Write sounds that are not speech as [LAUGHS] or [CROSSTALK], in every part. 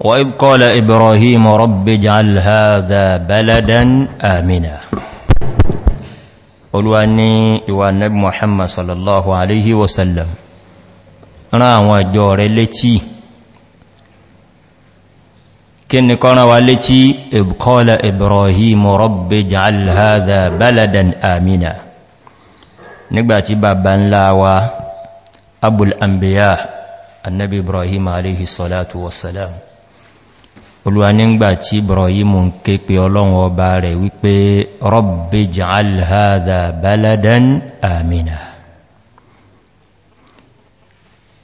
وإذ قال إبراهيم رب اجعل هذا بلدا آمنا قلوا أني وأن نبي محمد صلى الله عليه وسلم أنا وجور التي كن كان والتي إذ قال إبراهيم رب اجعل هذا بلدا آمنا نقبأتي بابا لاوى أبو الأنبياء النبي إبراهيم عليه الصلاة والسلام olúwa nígbà tí ibrahimu ń ké pé ọlọ́run ọba rẹ̀ wípé rọ́bí jàálhàdà baladan amina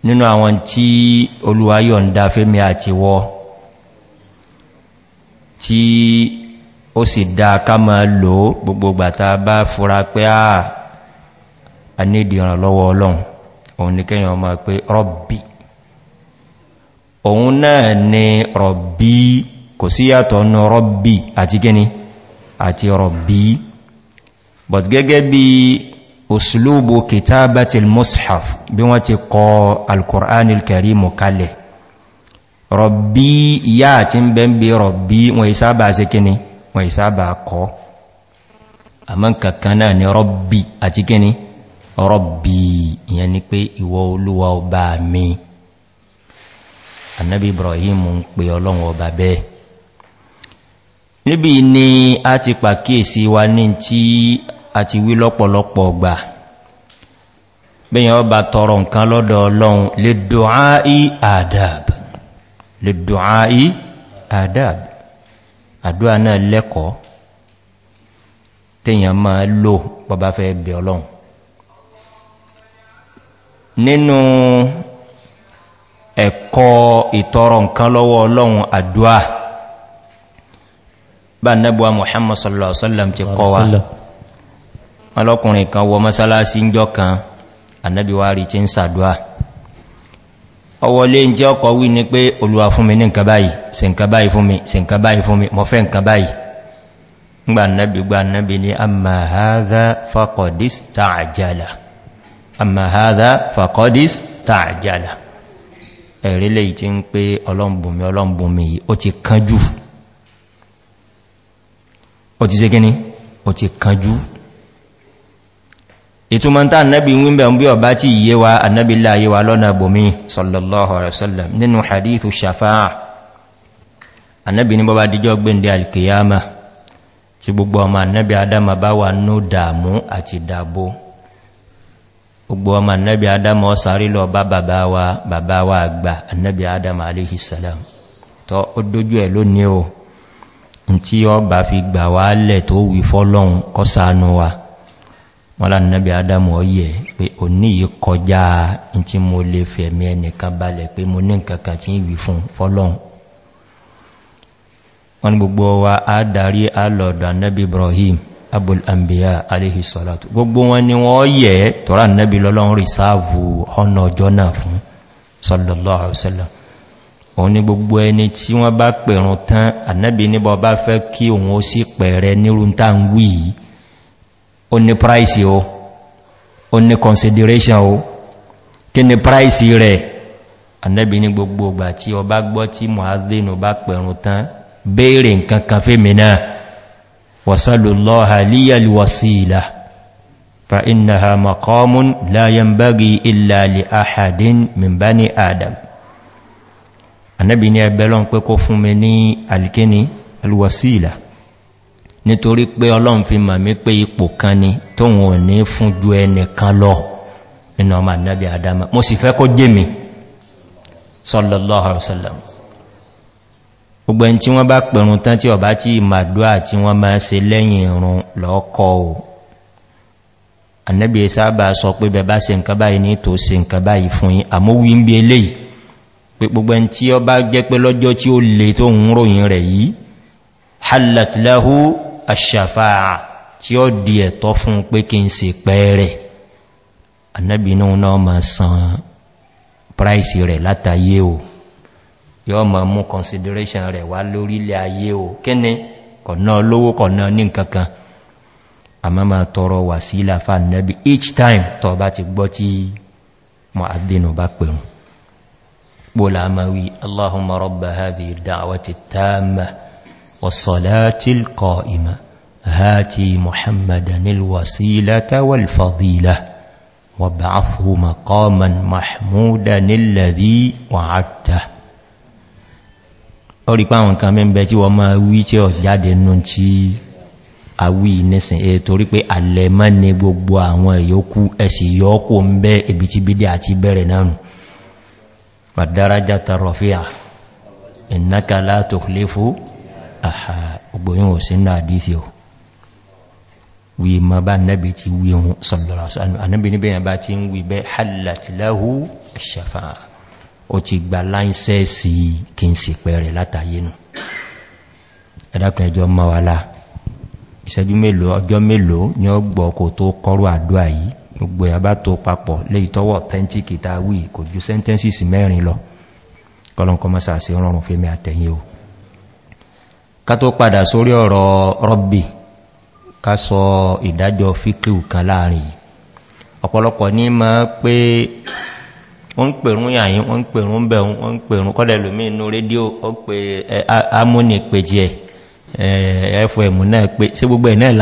nínú àwọn tí olúwa yọ̀ ń dá fẹ́mi àti wọ́ tí ó sì dá ká ma lò gbogbogbà ta bá fúra pé a a nídìí ìrànlọ́wọ́ ọlọ́run òun ní kẹ́yàn ọmọ pé rọ́bí òun náà ni rọ̀bí kò sí yàtọ̀ ọ̀nà rọ̀bí àti gíní àti rọ̀bí but gẹ́gẹ́ bí òsìlúbò kìtàbàtìl mushaf bí wọ́n ti kọ alkùránil kẹrí mọ̀ kalẹ̀ rọ̀bí ìyá àti ń bẹ́ ń bí rọ̀bí wọ́n ìsábà sí kíní wọ́n ìsábà kọ́ àmọ́ kankan náà ni rọ̀bí àti kíní rọ̀bí ìyẹn ni pé ìwọ olúwa ọba mi annabi ibrahim ń pe ọlọ́run ọba bẹ́ẹ̀ níbi ni a ti pàkíyèsí wa ní tí a ti wí lọ́pọ̀lọpọ̀ ọgbà bẹ́yàn ọba tọrọ nǹkan lọ́dọ̀ ọlọ́run lè dùnáì àdáb lè dùnáì àdáb àdúwà náà lẹ́kọ̀ọ́ tèyàn máa lò bọ́bá fẹ́ bẹ̀ ọlọ́run ẹ̀kọ́ ìtọrọ nǹkan lọ́wọ́ ọlọ́run àdúà bá nẹ́bùwa muhammad sallallahu alaihi wasallam ti kọ́ wa ọlọ́kùnrin kan wọ mọ́sálásí ń jọ kan annabiwari ti ń sàdúà ọwọ́ lé ń jẹ́ ọkọ̀ wí ní pé olúwa fún mi ní nǹkan báyìí sí nǹkan báyìí fún mi sí nǹkan báyìí fún mi ẹ̀rẹ́lẹ̀ yìí ti ń pé ọlọ́mbùnmi ọlọ́mbùnmi yìí ó ti kánjú ó ti ṣe gíní ó ti kánjú ìtumọ̀ tá annabi wímbẹ̀ ń bí ọba tí yíye wa annabi láyé wa lọ́nà bòmí sallallahu alaihi wasallam nínú hadithu shafa'a annabi ní bọ́bá díjọ́ gbẹ́ndẹ̀ alkiyama tí gbogbo ọmọ annabi adama bá wà ní dàmú àti gbogbo ọmọ annabi adam ọsàrí lọ bá bàbá wa bàbá wa àgbà annabi adam aléhìsàlám tó ó dójú ẹ̀ lónìí o tí ọ bá fi gbà wá lẹ̀ tó wí fọ́lọ́un kọsànú wa wọ́n lá annabi adam ọyẹ̀ pé o ní yí kọjá tí mo lè fẹ̀mí ẹnìkan balẹ̀ pé mo ní nǹkankan tí wí fún fọ́lọ́un wọ́n gbogbo wa á darí annabi ibrahim abul anbiya aléhì sọ́látù gbogbo wọn ni wọ́n yẹ tọ́rà nẹ́bí lọ́lọ́run rí sáàvù ọ̀nà ọjọ́ náà fún sallallahu alaihi wasallam òun ni gbogbo ẹni tí wọ́n bá pẹ̀rùn tán ànẹ́bí níbọ̀ bá fẹ́ kí òun ó sì pẹ̀rẹ nírun ń wí وسلوا الله لي الوسيلة فإنها مقام لا ينبغي إلا لأحد من بني آدم النبي ni ẹbẹ̀lọ́n pé kó fún mi ní alkini alwasila nítorí pé ọlọ́run fi mọ̀ mí pé ipò kan ni tóhun ò ní fún ju ẹnìkan lọ nínú ọmọ àdábí àdámà mo sì fẹ́ kó jẹ́ mi sallallahu alaihi wasallam gbogbo ẹni tí wọ́n bá pẹ̀rùn tán tí ọ̀bá tí ìmàdúà tí wọ́n máa se lẹ́yìn ìrùn lọ́ọ̀kọ́ o annabi sábà sọ pé bẹ̀bá se nǹkan báyìí ní tó se nǹkan báyìí fún yí àmówí ń bí eléyìí pé gbogbo ẹni tí ọ price rẹ̀ látayé o yọ́ ma mú consideration rẹ̀ wá lórílẹ̀ ayé o kíni kọ̀nà olówó kọ̀nà ní nkankan a má ma tọrọ wà sí ìlàfà nẹ́bí each time tọ bá ti gbọ́ tí mọ̀ àdínú bá pẹ̀rùn bóla ma wí allahumma rabba hadhi da'awati tamma wasalatil qa'ima hati muhammadan alwasilata wal fadila wa ba'athu maqaman mahmudan alladhi ó rí páwọn nǹkan mẹ́bẹ̀ tí wọ́n máa wí tí ọ jáde nù tí a wí nísìn e eh, torí pé alẹ́mọ́ ní gbogbo àwọn ìyókù ẹ̀sì yọ́kù ń bẹ́ ibi tí bídí àti bẹ̀rẹ̀ náà wàdárájátà rọ̀fíà ìnákàlá tó lé ó ti gba láìsẹ́ẹ̀sì kí n sì pẹ̀rẹ̀ látàyé nù ẹ̀dàkùn ẹjọ́ mọ́wàlá ìṣẹ́jú mélòó ọjọ́ mélòó ni ó gbọ́ kò tó kọrù àdúà yìí gbogbo ìyàbá tó papọ̀ léyìí tọ́wọ́ tẹ́ntíkì tá wí kò ju sẹ́ntẹ́nsìsì mẹ́rin lọ kọlọ̀nkọ́ mọ́sà sí rọrùn fèmí àtẹ̀yìn ma pé wọ́n ń pèrún yàyín wọ́n ń pèrún bẹ̀rún wọ́n ń pèrún kọ́dẹ̀ lómi inú rédíò ó pé amóni pèjì ẹ̀ fm náà pé sí gbogbo ẹ̀ náà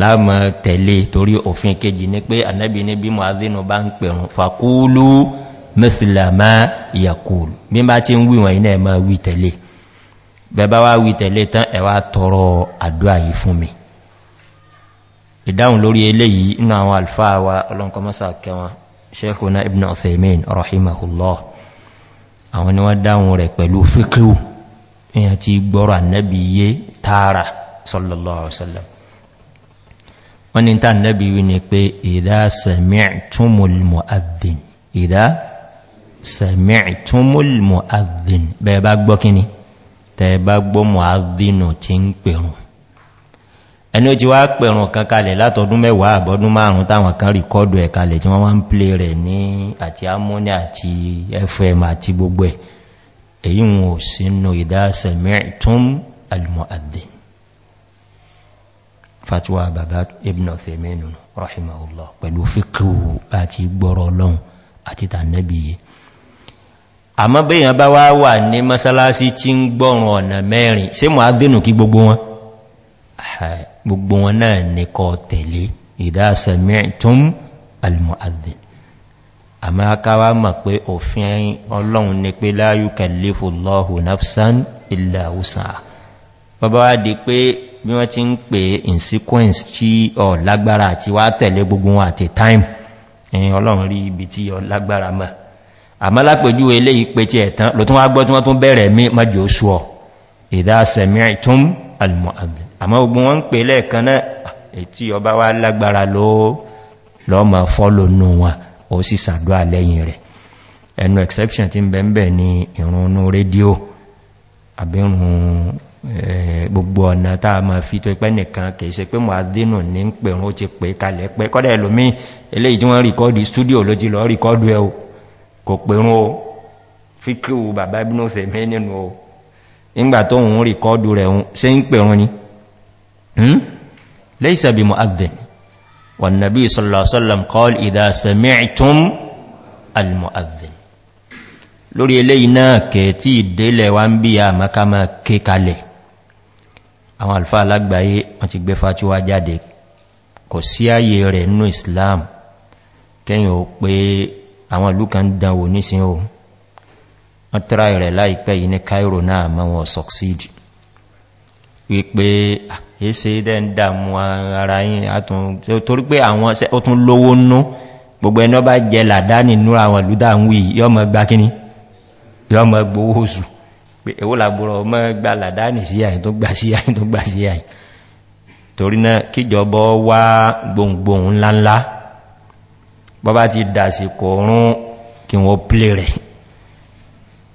láàmà tẹ̀lé torí òfin kejì ní pé ànẹ́bì ní bí mọ̀ázínú bá ìdáhùn lórí eléyìí inú àwọn wa ṣekùnà ibn ọ̀fẹ̀mẹ́n rahimahullah àwọn ni wọ́n dáhùn rẹ̀ pẹ̀lú fíkíwù èyàn ti gbọ́rọ̀ annabi yé tààrà sallallahu alaihi wasallam wọ́n ni ta annabi wí ni pé ìdá sami'tumul mu'adhdhin ìdá sami'tumul mu'adhdhin bẹ́ẹ̀ bá gbọ́ kíni tẹ́ẹ̀ bá gbọ́ mu'adhdhinu ti ń pèrùn ẹni ó ti wá pẹ̀rùn kan kalẹ̀ látọdún mẹ́wàá àbọ́dún márùn táwọn kan rìkọ́dù ẹ̀ kalẹ̀ tí wọ́n wá ń plé rẹ̀ ní àti amóní àti fm àti gbogbo ẹ̀ èyí wọn ò sínú ìdásẹ̀mẹ́tún almuadin fatiwa baba ibn ọ̀fẹ́mẹ́nu rahimahullah pẹ̀lú fíkíwò àti gbọ́rọ̀ ọlọ́run àti tànẹ́bìyẹ àmọ́ gbogbo wọn náà ní kọ tẹ̀lé ìdásẹ̀mẹ́tún almuadhin a máa káwà mọ̀ pé òfin ọlọ́run ní pé láyúkẹ̀ léfò lọ́hù nafsan ilẹ̀ àwúsàn bọ́bá wá di pé bí wọ́n ti ń pè in sequence tí ọ lágbára àti wá tẹ̀lé gbogbo wọn àti time ẹ̀yìn ọlọ́run rí ibi tí ọ lágbára mọ̀ àmọ́ lápẹjú eléyìí pé tí ẹ̀tán lò tún wá gbọ́ tí wọ́n tún bẹ̀rẹ̀ mí mọ́jọ́ oṣù ìdásẹ̀mìtún almuhammed àmọ́ ogun wọ́n ń pè lẹ́ẹ̀kan náà ètí ọba wá lágbára lọ́mọ fọ́lò nù wọn ó sì sàdọ́ àlẹ́yìn rẹ̀ ẹnu exception ti ń bẹ̀m̀bẹ̀ ni ìrùnnú rédíò àbírùn eh, gbogbo ọ̀nà tàà ma fi tó ipẹ́ nìkan kìí se pé mọ̀ adínù ní ń pèrún ó ti pè kalẹ̀ pẹ́ kọ́dẹ̀ ẹlòmí eléyìí tí wọ́n rìkọ́dì stúdíò ló jí lọ rìkọ́dù ẹ̀ kò pèrún ó fíkíwù bàbá ibùnú fèmí nínú ó ìgbà tó ń rí kọ́ọ̀dù rẹ̀ ṣe ń pèrún ni lẹ́ìsẹ̀ bí mọ́ adìn wọ́n nàbí sọ́lọ̀sọ́lọ̀m kọ́ọ̀lù ìdásẹ̀mẹ́ẹ̀tún almọ́ adìn lórí eléyìí náà kẹ tí ìdélẹ̀ wá ń bí i àmọ́kámọ́ ké kalẹ̀ àwọn alfa alágbàáyé wọ́n ti gbé fatiwa jáde kò sí ayé rẹ̀ nínú islam kẹ́yìn ò pé àwọn ìlú kan dánwò nísìn wọ́n tíra rẹ̀ láìpẹ́ yìí ní cairo náà mọ́ wọn succeed wípé ẹsẹ́ dẹ́ ń dàmú ara yìí torí pé àwọn ó tún lówó nú gbogbo ẹni ọba jẹ làdá nínú àwọn ìlúdà ń wí yọ́ mọ́ gbá kíní yọ́ mọ́ gbówó oṣù pé èwó làbúrọ̀ mọ́ gbá làdá nì sí àyìn tó gbà sí àyìn tó bọ́bá ti dà sí kí wọ́n plé rẹ̀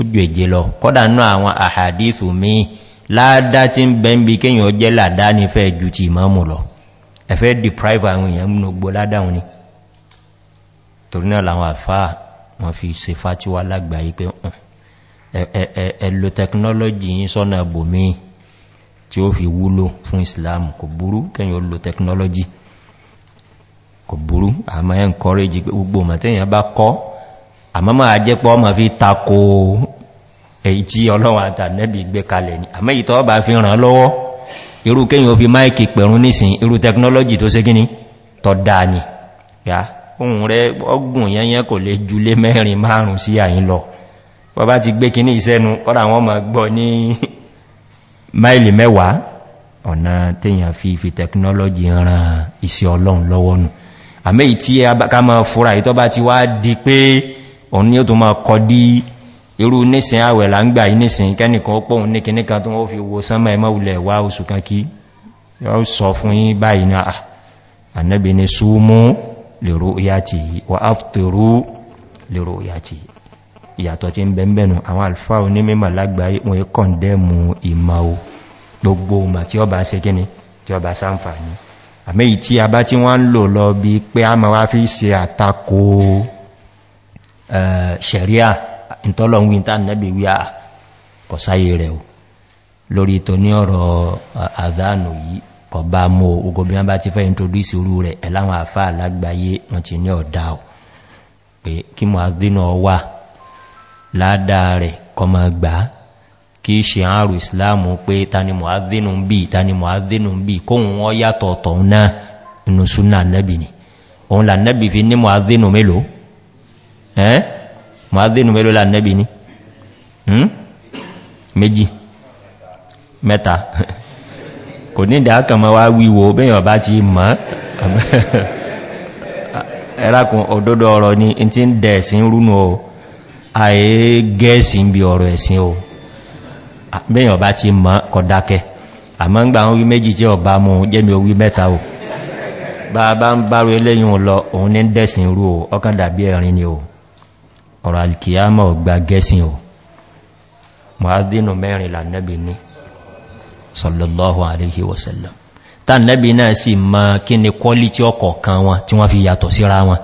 ojú èjè lọ kọ́dà náà àwọn àhàdìsù mi láàdá tí ń bẹ́ ń bí kíyàn jẹ́ làdá ní fẹ́ ju ti ìmọ́mù lọ ẹ̀fẹ́ deprive àwọn èèyàn mú gbó ládáun ni torí náà làwọn àfáà wọ́n fi se fátíwá lágbàáyí pé ẹ̀lò tẹkinọ́lọ́jì yí sọ́nà bòmí tí ó fi wúlò fún islam kò burú kẹyàn ó lo tẹkinọ́lọ́jì kò burú àmọ́ ẹ̀ ń pé gbogbo mọ̀tẹ́yàn bá kọ́ àmọ́mọ́ àjẹ́pọ̀ ọmọ fi tako èyí tí ọlọ́wọ́ àtànẹ́bì gbé kalẹ̀ ní àmọ́ ìtọ́ bá fi ràn lọ́wọ́ irú kéyìn o fi máìkì pẹ̀rún nísìn irú tẹknọ́lọ́jì tó sé gíní tọ́ dáa ya ohun rẹ ọgbùn yẹnyẹn kò lè ju lé mẹ́rin márùn sí àyín lọ bọ́bá ti gbé kíní ìsẹ́nu ọ́dà wọn ma gbọ́ ní máìlì mẹ́wàá ọ̀nà téèyàn fi fi tẹknọ́lọ́jì ran ìsẹ́ ọlọ́run lọ́wọ́ nù àmẹ́ ìtí ká máa fúra ìtọ́ ti wá di pé òun ni ó tó máa kọ dí irú nísìn àwẹ̀ là ń gbà yí nísìn kẹ́nìkan ó pọ̀un ní kìníkà tó wọ́n fi wo sánmà ẹmọ́ ulẹ̀ wá oṣù kan kí yóò sọ fún yí báyìí náà ànẹ́bì ni súnmú lèrò ìyàtì wà áftorú lèrò ìyàtì ìyàtọ̀ ti ń bẹ̀m̀bẹ̀nu àwọn alfa tí a bá tí wọ́n ń lò lọ bí pé a ma wá fi se àtakò ṣẹ̀ríà eh, ìtọ́lọ̀wí ìta nẹ́bí wíà ah, kọ̀ sáyé rẹ̀ o lórí tó ní ọ̀rọ̀ àdánù eh, yìí kọ̀ bá mọ́ ogun bí wọ́n bá ti fẹ́ introduce orú rẹ̀ ẹ̀láwọn àfá alágbàáyé wọ́n ti ní ọ̀dá o pé kí mọ̀ àdínà wà ládàá rẹ̀ kọ ma gbà kí ṣe àrù ìsìláàmù pé tani mọ̀ àdínù bí ni òun là nẹ́bì ẹ́ mọ̀ádínú mẹ́lú lánẹ́bì ní méjì mẹ́ta [LAUGHS] kò ní ìdá kan mọ́ wá wíwò bẹ́yàn bá ti mọ́ [LAUGHS] ẹ̀rákùn òdòdó ọ̀rọ̀ ni in ti ń dẹ̀ ẹ̀sìn rúnú o àyè gẹ́ẹ̀sì ń bí ọ̀rọ̀ ẹ̀sìn o bẹ́yàn bá ti mọ́ kọ̀dákẹ́ àmọ́ ń gbà méjì tí ọba mú jẹ́mi mẹ́ta o bá bá ń bá rú lọ òun ní dẹ̀sìn rú ọkàn dàbí ẹ̀rin ni ọ̀rọ̀ alkiyama ọgbà gẹ́sìn o mọ̀ádínú mẹ́rin lànẹ́bì ní sallallahu alaihi wasallam ta nẹ́bì náà sì ma kí ni kọ́lí tí ọkọ̀ kan wọn tí wọ́n fi yàtọ̀ síra wọn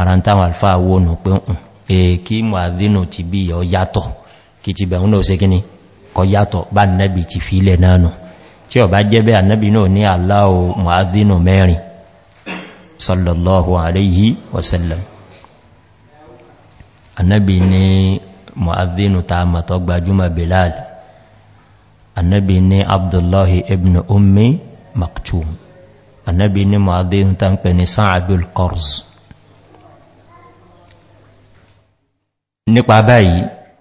ara ń táwọn alfa wónù pé ń èkí mọ̀ádínú ti bí yọ yàtọ̀ kí ti bẹ̀rún náà sé kíní kọ annabi ni mu'adhdhinu ta'ama tó gbajúmọ̀ bilal annabi ni abdullahi ibn ummi maktum annabi ni mu'adhdhinu ta ń pè ní sa'adul qars nípa báyìí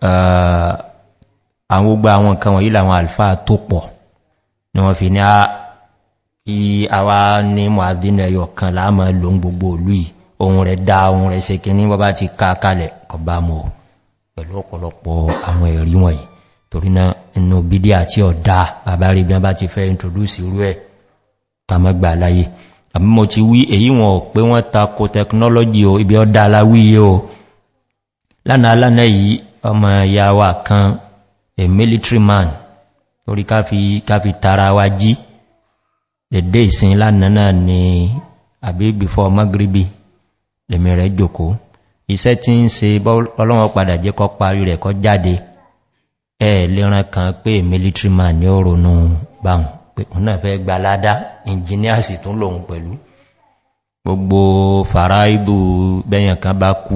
uh, àwọn gbogbo àwọn nǹkan wọ̀nyí làwọn àlfáà tó pọ̀ ni wọ́n fi ní àwa ah, ní mu'adhdhinu ẹyọ kan láàmà lóhun gbogbo olú yìí ohun rẹ̀ dá ohun rẹ̀ se kìíní wọ́n bá ti ká kalẹ̀ kọba mọ̀ pẹ̀lú ọ̀pọ̀lọpọ̀ àwọn ẹ̀rí wọ̀nyí torí náà inú bídí àti ọ̀dá bàbá bí wọ́n bá ti fẹ́ introduce irú ẹ̀ kàmọ́gbà láyé àbí mo ti wí èyí wọn pé wọ́n tako technology o ibi ọ̀dá o lánàá lánàá yìí ọmọ ìyá wa a military man torí káfi tara wa jí èdè ìsin lánàá ni àbí before magribi lèmi rẹ̀ jòkó iṣẹ́ tí ń se ọlọ́wọ́ padà jẹ́ kọ́ parí rẹ̀ kọ́ jáde ẹ̀ lẹ́ran kan pé military man ní oòrùn báhùn pé òun náà fẹ́ gba ládá engineers tó lòun pẹ̀lú gbogbo faraidu bẹ́yàn kan bá kú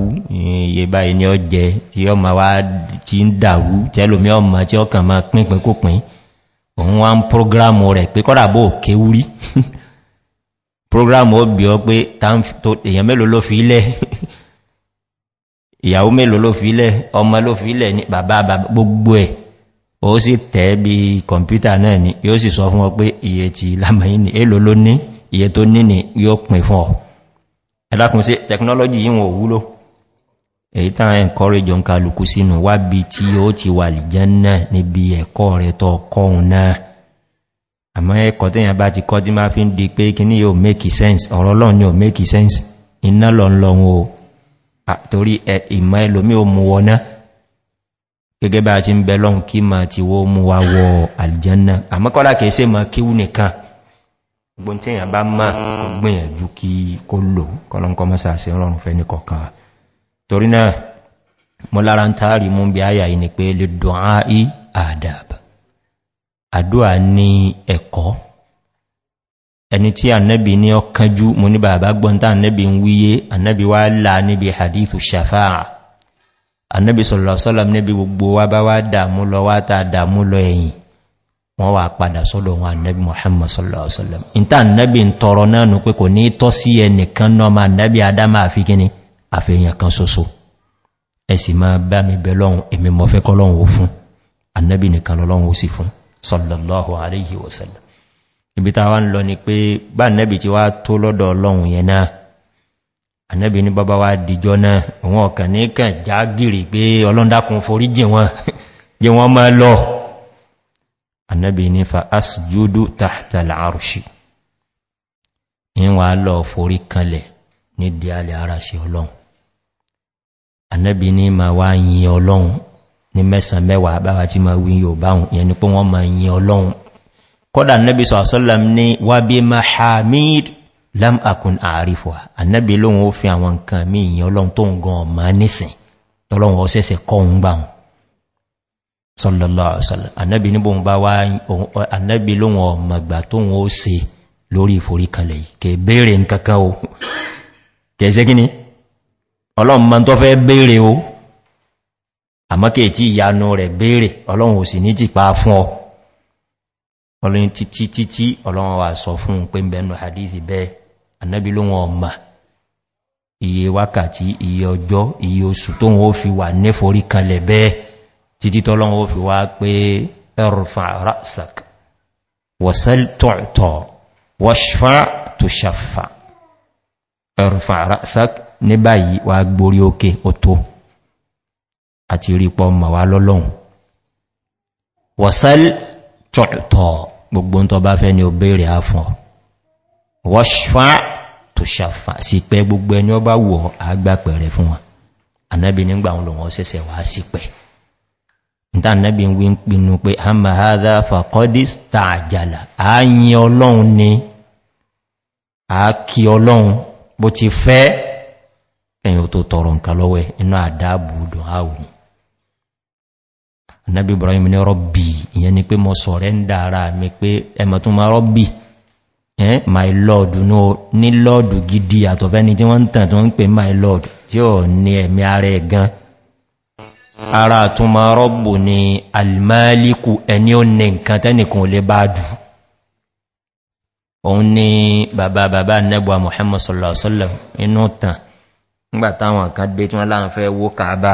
iye báyìí ni ọ jẹ tí ọ ma wá tí ń dàrú tẹ́lòmí ọmọ tí ọkàn ma pínpín kópin òun wá ń prógrámù rẹ̀ pé kọ́dà kéwúrí [LAUGHS] program ó bí ọ pé èyàn mélòó ló fi ilẹ̀ ìyàwó mélòó ló fi ilẹ̀ ọmọ ló fi ilẹ̀ ní bàbá gbogbo ẹ̀ ó sì tẹ́ bí kọmpútà náà ni yóò sì sọ fún ọ pé iye ti lámàí ni èlò ló ní iye tó ní ni yóò pin fún ọ ẹlákùn sí technology yíwọ̀n òwúlò èyí tán encourage ọ̀nkálukú sínú wábi tí ó ti wà lìjẹ́ náà níbi ẹ̀kọ́ rẹ̀ tọ́ ọkọ̀ náà àmọ́ ẹkọ̀ tí yàn bá ti kọ́ tí máa fi ń di pé kí ní yóò make sense ọ̀rọ̀ lọ́n yóò make sense iná lọ lọ́wọ́ torí ìmọ̀ ẹlòmí o mú wọ́ná gẹ́gẹ́ bá ti ń bẹ lọ́n kí ma ti wó mú wa wọ aljanna àmọ́ kọ́lá kìí sí ma kíwú nìkan gbọ́n tí yàn bá má gbìyànjú kí kó lò kọ́lọ́nkọ́ àdúà ní ẹ̀kọ́ ẹni tí annabi ní ọkànjú mo ní bàbá gbọ́ntá annabi ń wíyé annabi wá là níbi hadithu shafa'a annabi sọ̀rọ̀sọ́lọ̀m níbi gbogbo wá bá wá dàmú lọ wá ta dàmú lọ ẹ̀yìn wọ́n wà padà sọ́dọ̀ wọn annabi muhammad sọ̀rọ̀sọ́lọ̀m ìta annabi ń tọrọ náà nù pé kò ma annabi adama àfikíní àfihàn kan soso ẹ̀sì máa bá mi bẹ́ lọ́hun èmi mọ́fẹ́kọ́ lọ́hun ó fún sọ̀lọ̀lọ́hù àríyí wọ̀sẹ̀lẹ̀. ibi ta wá ń lọ ni pé bá nẹ́bì tí wá tó lọ́dọ̀ ọlọ́run yẹn náà anẹ́bì ní bọ́bá wá dìjọ́ náà òun ọ̀kàn ní kàn já gìrì pé ọlọ́ndàkùn forí jẹ wọn jẹ wọn mọ́ lọ anẹ́bì ní fa asjudu tahtala arṣi ìwà lọ forí kanlẹ̀ ní di alẹ́ ara ṣe ọlọ́run anẹ́bì ma wá yin ọlọ́run Ni mẹ́sàn mẹ́wàá báwa tí ma wí yóò báhùn yẹn ni pé wọ́n ma yin ọlọ́run kọ́dà nẹ́bí sọ̀sọ́lọ́m ní wábí mahamid lam akun àrífọ́ annabi lóhun ó fi àwọn nǹkan mí yin ọlọ́run tó ń gan ọmọ nísìn tọ́lọ́run ọ̀sẹ̀sẹ̀ kọ́hun gbáhùn sọ́lọ́lọ́ ọlọ́run àmọ́kẹ́ tí ìyanu rẹ̀ béèrè ọlọ́run òsì ní jìpa fún ọ ọlọ́run títí títí ọlọ́run wà sọ fún un pé ń bẹnu hadithi bẹ́ẹ̀ annabi ló wọn ọmọ iye wákàtí iye ọjọ́ iye oṣù tó wọ́n fi wà níforí kanlẹ̀ bẹ́ẹ̀ títí tọ́lọ́run ó fi wá pé ẹrùfà rasak wọ̀sẹ́l tọ̀tọ̀ wọ́ṣfà àti rípọ mọ̀wá lọ́lọ́un wọ̀sẹ́l tọ̀tọ̀ gbogbo ń tọ bá fẹ́ ni ó bèèrè á fún ọ wọ́ṣfà tó ṣàfà sí pẹ́ gbogbo ẹni ọ bá wọ̀ àgbà pẹ̀rẹ̀ fún wọn anábi nígbà wọn lòun ọsẹsẹ a yin ọlọ́run ni a kí ọlọ́run bó ti fẹ́ ẹ̀yìn tó tọrọ nǹkan lọ́wẹ́ iná àdáàbò dùn áwùn anábí ibrahim ní rọ́bì ìyẹn ni pé mọ́ sọ̀rẹ́ndà ara mi pé ẹmọ̀ tún máa rọ́bì ẹn my lord no ní lord gidi àtọ̀fẹ́ni tí wọ́n ń tàn tí wọ́n ń pè my lord tí ò ní ẹ̀mí ara ẹ̀ gan ara tún máa rọ́bù ni almaliku ẹni ó ní nǹkan tẹ́nìkan ò lè bá dù nígbàtàwọn kan dé tí wọ́n láàrín fẹ́ wó kàábà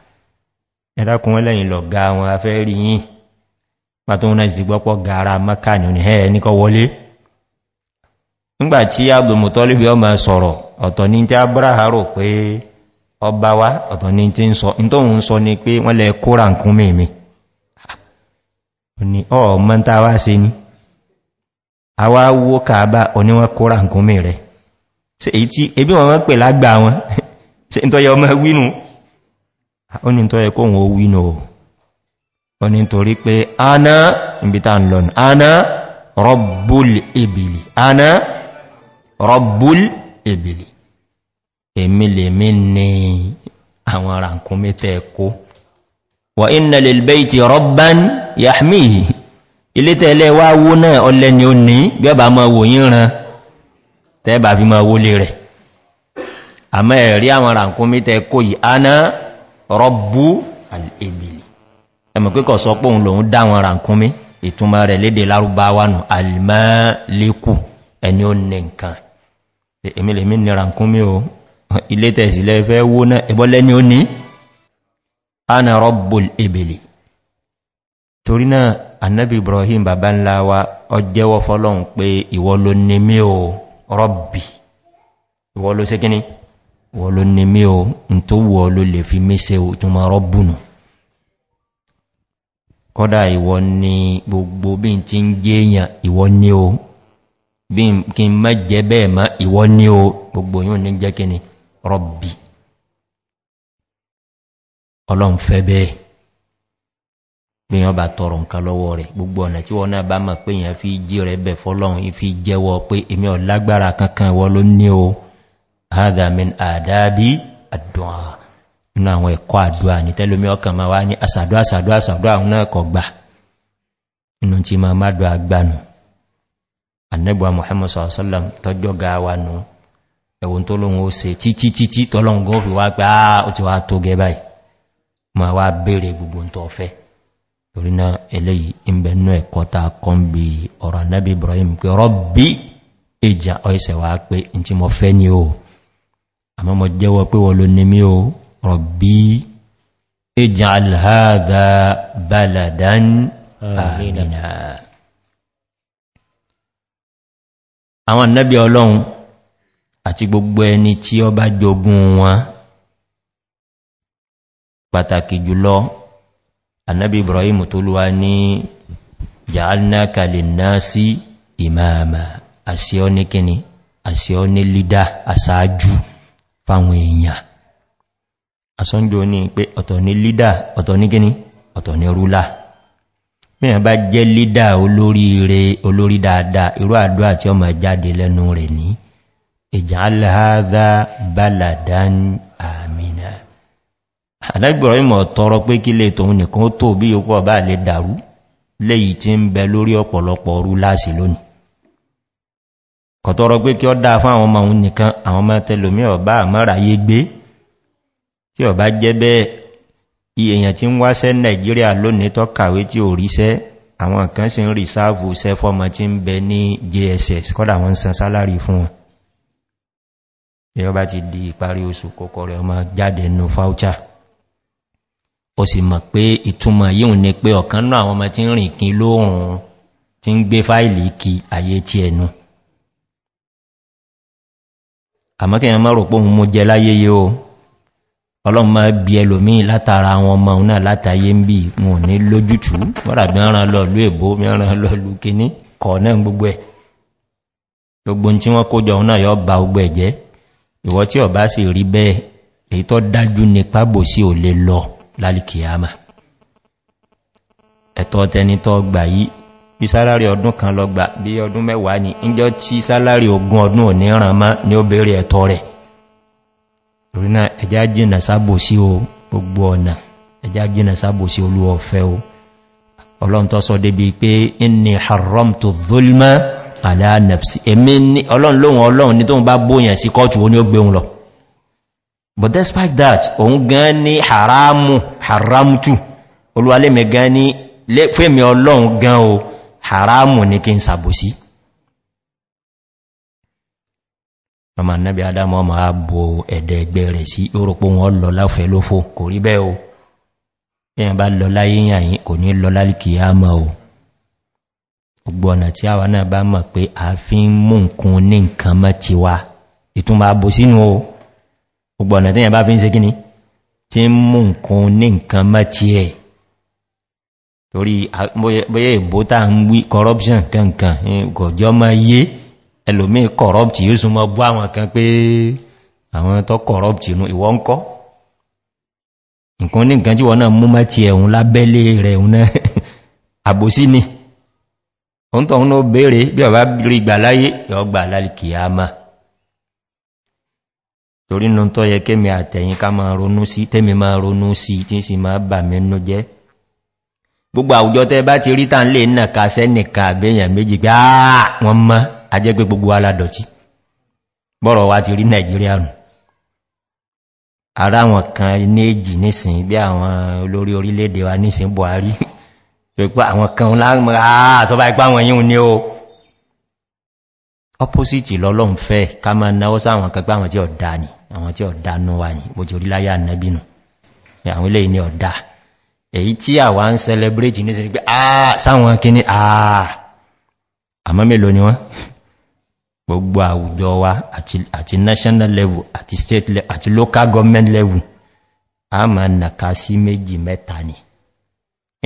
ẹ̀dàkùn ẹlẹ́yìn lọ ga wọn afẹ́ rí yìn pàtó wọn náà sì gbọ́pọ̀ gara maka ní ọ̀nà ẹ̀ níkọ wọlé nígbàtí abdùmùtọ́líbí ọmọ sọ̀rọ̀ ọ̀tọ̀ ní tí abraha pé ọba wá ọ̀tọ̀ ní tí ń sọ sọ pé wọ́n lẹ kóra mẹ́mẹ́ ni ta wá sí ni a wá wó kàábà oníwọ́n kóra ó ní tó ẹkọ́ òun owí nù ó ní torí pé ana ìbítà ń lọ́nà ana rọ́bùl ebìlì ana rọ́bùl ebìlì èmì lè mí ní àwọn ràǹkún mẹ́tẹ̀ ẹkọ́ wà iná lè bẹ́ ti rọ́bán yàmíhì ilé tẹ́lẹ̀ wá wó náà ọlẹ́ ni ó ní gẹ́bà máa wò yí ran tẹ́bà fi máa wó lè rẹ̀ àmọ́ ẹ̀rí àwọn ràǹkún mẹ́tẹ̀ ẹkọ́ yìí ana rọ́bù al'ebili ẹmọ̀ pé kọ̀ sọ pé òun lòun dáwọn ràǹkúnmí ìtumọ̀ rẹ̀ léde lárúbáwánù alìmọ́lékù ẹni ó nẹ nǹkan èmìlèmí ni ràǹkúnmí o [LAUGHS] ilé tẹ̀sílẹ̀ fẹ́ wó náà ẹbọ́lẹ́ ni ó ní ana rọ́bù al'ebili torí náà annabi ibrahim bàbá ńlá wa ọjẹ́wọ́ fọ́lọ́hun pé ìwọ ló ní mí o rọ́bì ìwọ ló sé kíní wọ́n ló ní mí o n tó wọ́ ló lè fi mése o tó ma rọ́bùnù kọ́dá ìwọ ni gbogbo bí n ti ń gẹ́yàn ìwọ ní o bí kí n má jẹ bẹ́ẹ̀ má ìwọ ní o gbogbo yóò ní jẹ́ kí ni rọ́bì ọlọ́run gbogbo hádà min àdábí àdúwà inú àwọn ẹ̀kọ́ àdúwà ní tẹ́lómí ọkàn ma wá ní àsàdúwà àsàdúwà àsàdúwà àwọn náà kọ̀ gbà inú tí ma má dọ́ agbánu annabuwa muhammad sallam tọ́jọ́ ga wa nù se títí títí tọ́lọ́hun gọ́ fi wá pé á ó ti wá tó gẹ báyìí ma wá bèèrè ta kọ́ ń bí ọ̀rọ̀ ibrahim pé rọ́bí ìjà ọ̀ẹ́sẹ̀ wá pé in ti mọ̀ fẹ́ ni ó àmọ́ mọ̀ jẹ́wọ́ pé wọ́n ló ní mí o rọ̀bí ìjà alhàdà baladan àmìnà àwọn annabi ọlọ́run àti gbogbo ẹni tí ọ bá jogun wọn pàtàkì jùlọ annabi ibrahim tó lúwa ní jàálnáka lè náà sí ìmáàmà àṣíọ́ ní kíni àṣíọ́ ní lídá àṣáájú fáwọn èèyàn asọ́njò ní pé ọ̀tọ̀ ní lídà ọ̀tọ̀ ní gíní ọ̀tọ̀ ní rúlà mẹ́rin bá jẹ́ lídà olórí rẹ̀ olórí dáadáa irú àdó àti ọmọ jáde lẹ́nu rẹ̀ ní ìjà aláhádá baladan amina. alágbọ̀rọ̀ ìmọ̀ tọrọ pé kí lè tòun nìkan tó bí yóò pọ̀ bá lè dàrú léyìí tí ń bẹ lórí ọ̀pọ̀lọpọ̀ rúlà lónìí kọ̀tọ̀rọ pé kí ọ dáa fún àwọn ọmọ òun nìkan àwọn ọmọ tẹlòmí ọ̀bá àmọ́ra yé gbé tí ọ̀bá jẹ́ bẹ́ẹ̀ èèyàn tí ń wáṣẹ́ nàìjíríà lónìí tọ́ kàwé tí ò ríṣẹ́ àwọn kan sí ń rí sáàfù iṣẹ́ fọ́mọ tí ń bẹ ní jss kọ́dà wọ́n san sálárì fún wọn tí ọba ti di ìparí oṣù kọ́kọ́ rẹ̀ ọmọ jáde nù fáúchà ó sì mọ̀ pé ìtumọ̀ yíò ní pé ọ̀kan náà àwọn ọmọ tí ń rìn kí lóòrùn tí ń gbé fáìlì kí ayé tí ẹnu àmọ́kẹ̀yàn mọ́rò pé òun mú jẹ láyé yé o ọlọ́mọ bí ẹlòmí látara àwọn ọmọ òun náà látayé ń bí wọn ní lójútù bọ́rà mẹ́ran lọ́lú èbó mẹ́ran lọ́lú kìíní kọ̀ náà gbogbo ẹ̀ gbogbo tí wọ́n kójọ òun náà yọ ba ogbó ẹ̀jẹ́ bí sálárì ọdún kan lọ gbà bí ọdún mẹ́wàá ní ìjọ tí sálárì ogun ọdún ò ní ràn má ní ó bèèrè ẹ̀tọ́ rẹ̀ torínà ẹjá jìnà sábò sí o gbogbo ọ̀nà ẹjá jìnà sábò sí olú ọ̀fẹ́ o ọlọ́run tó sọ haram to zulma aláànàfsì èmi ní ọlọ́run lóhun ọlọ́run ní tóun bá bóyàn sí kọ́ọ̀tù ó but despite that òun gan ní haramu haramtu olúwalẹ́mẹ̀ gan ní fẹ́mi ọlọ́run gan o haramu ní kí n sàbòsí ọmọ annabi adamu ọmọ ààbò ẹ̀dẹ̀ ẹgbẹ́ rẹ̀ sí orùpó wọn lọ láfẹ́ ló fò kò rí bẹ́ o èyàn bá lọ láyé yàyìn kò ní lọ lálìkìyàmà o gbogbo ọ̀nà tí àwa náà bá mọ̀ pé a fi ń mú nǹkan ní nǹkan mọ́ ti wa ìtúnbà bò sínú o gbogbo ọ̀nà tí yàn bá fi ń se kíní tí ń mú nǹkan ní nǹkan mọ́ ti ẹ̀ torí bóyé ìbò táa ń wí corruption kankan gọ̀jọ́ ma yé ẹlòmí corrupt yóò sún mọ́ bú àwọn kan pé àwọn tó corrupt inú ìwọ́ ń kọ́ nǹkan ní nǹkan tí wọ́n náà mú mẹ́tí ẹ̀hùn lábẹ́lé rẹ̀ ẹ̀hùn náà [LAUGHS] àbòsí ni oun tó ń bèèrè bí ọba rí gbà láyé ọgbà lálìkì àmà torí nù tó yẹ kémi àtẹ̀yìn ká máa ronú sí tí sì máa bà mí jẹ́ gbogbo àwùjọ tẹ́ bá ti rí tàn lè nà ká sẹ́nìkà àbẹ́yàn méjì pé wọn mọ́ ajẹ́ gbogbo aládọ̀tí bọ́rọ̀ wá ti rí nàìjíríà nù ara wọn kan inéjì nísìn bí àwọn olórí orílẹ̀-èdè wa nísìn buhari [LAUGHS] àwọn kan láàrín opposite lọ́lọ́m fẹ́ ká èyí tí a àwa ń celebrate ní sí pé àà ah, sáwọn kí ní àà ah. àmọ́ mélòó ni wọ́n gbogbo àwùjọ wa àti national level àti state level àti local government level a ma nàka sí méjì mẹ́ta ni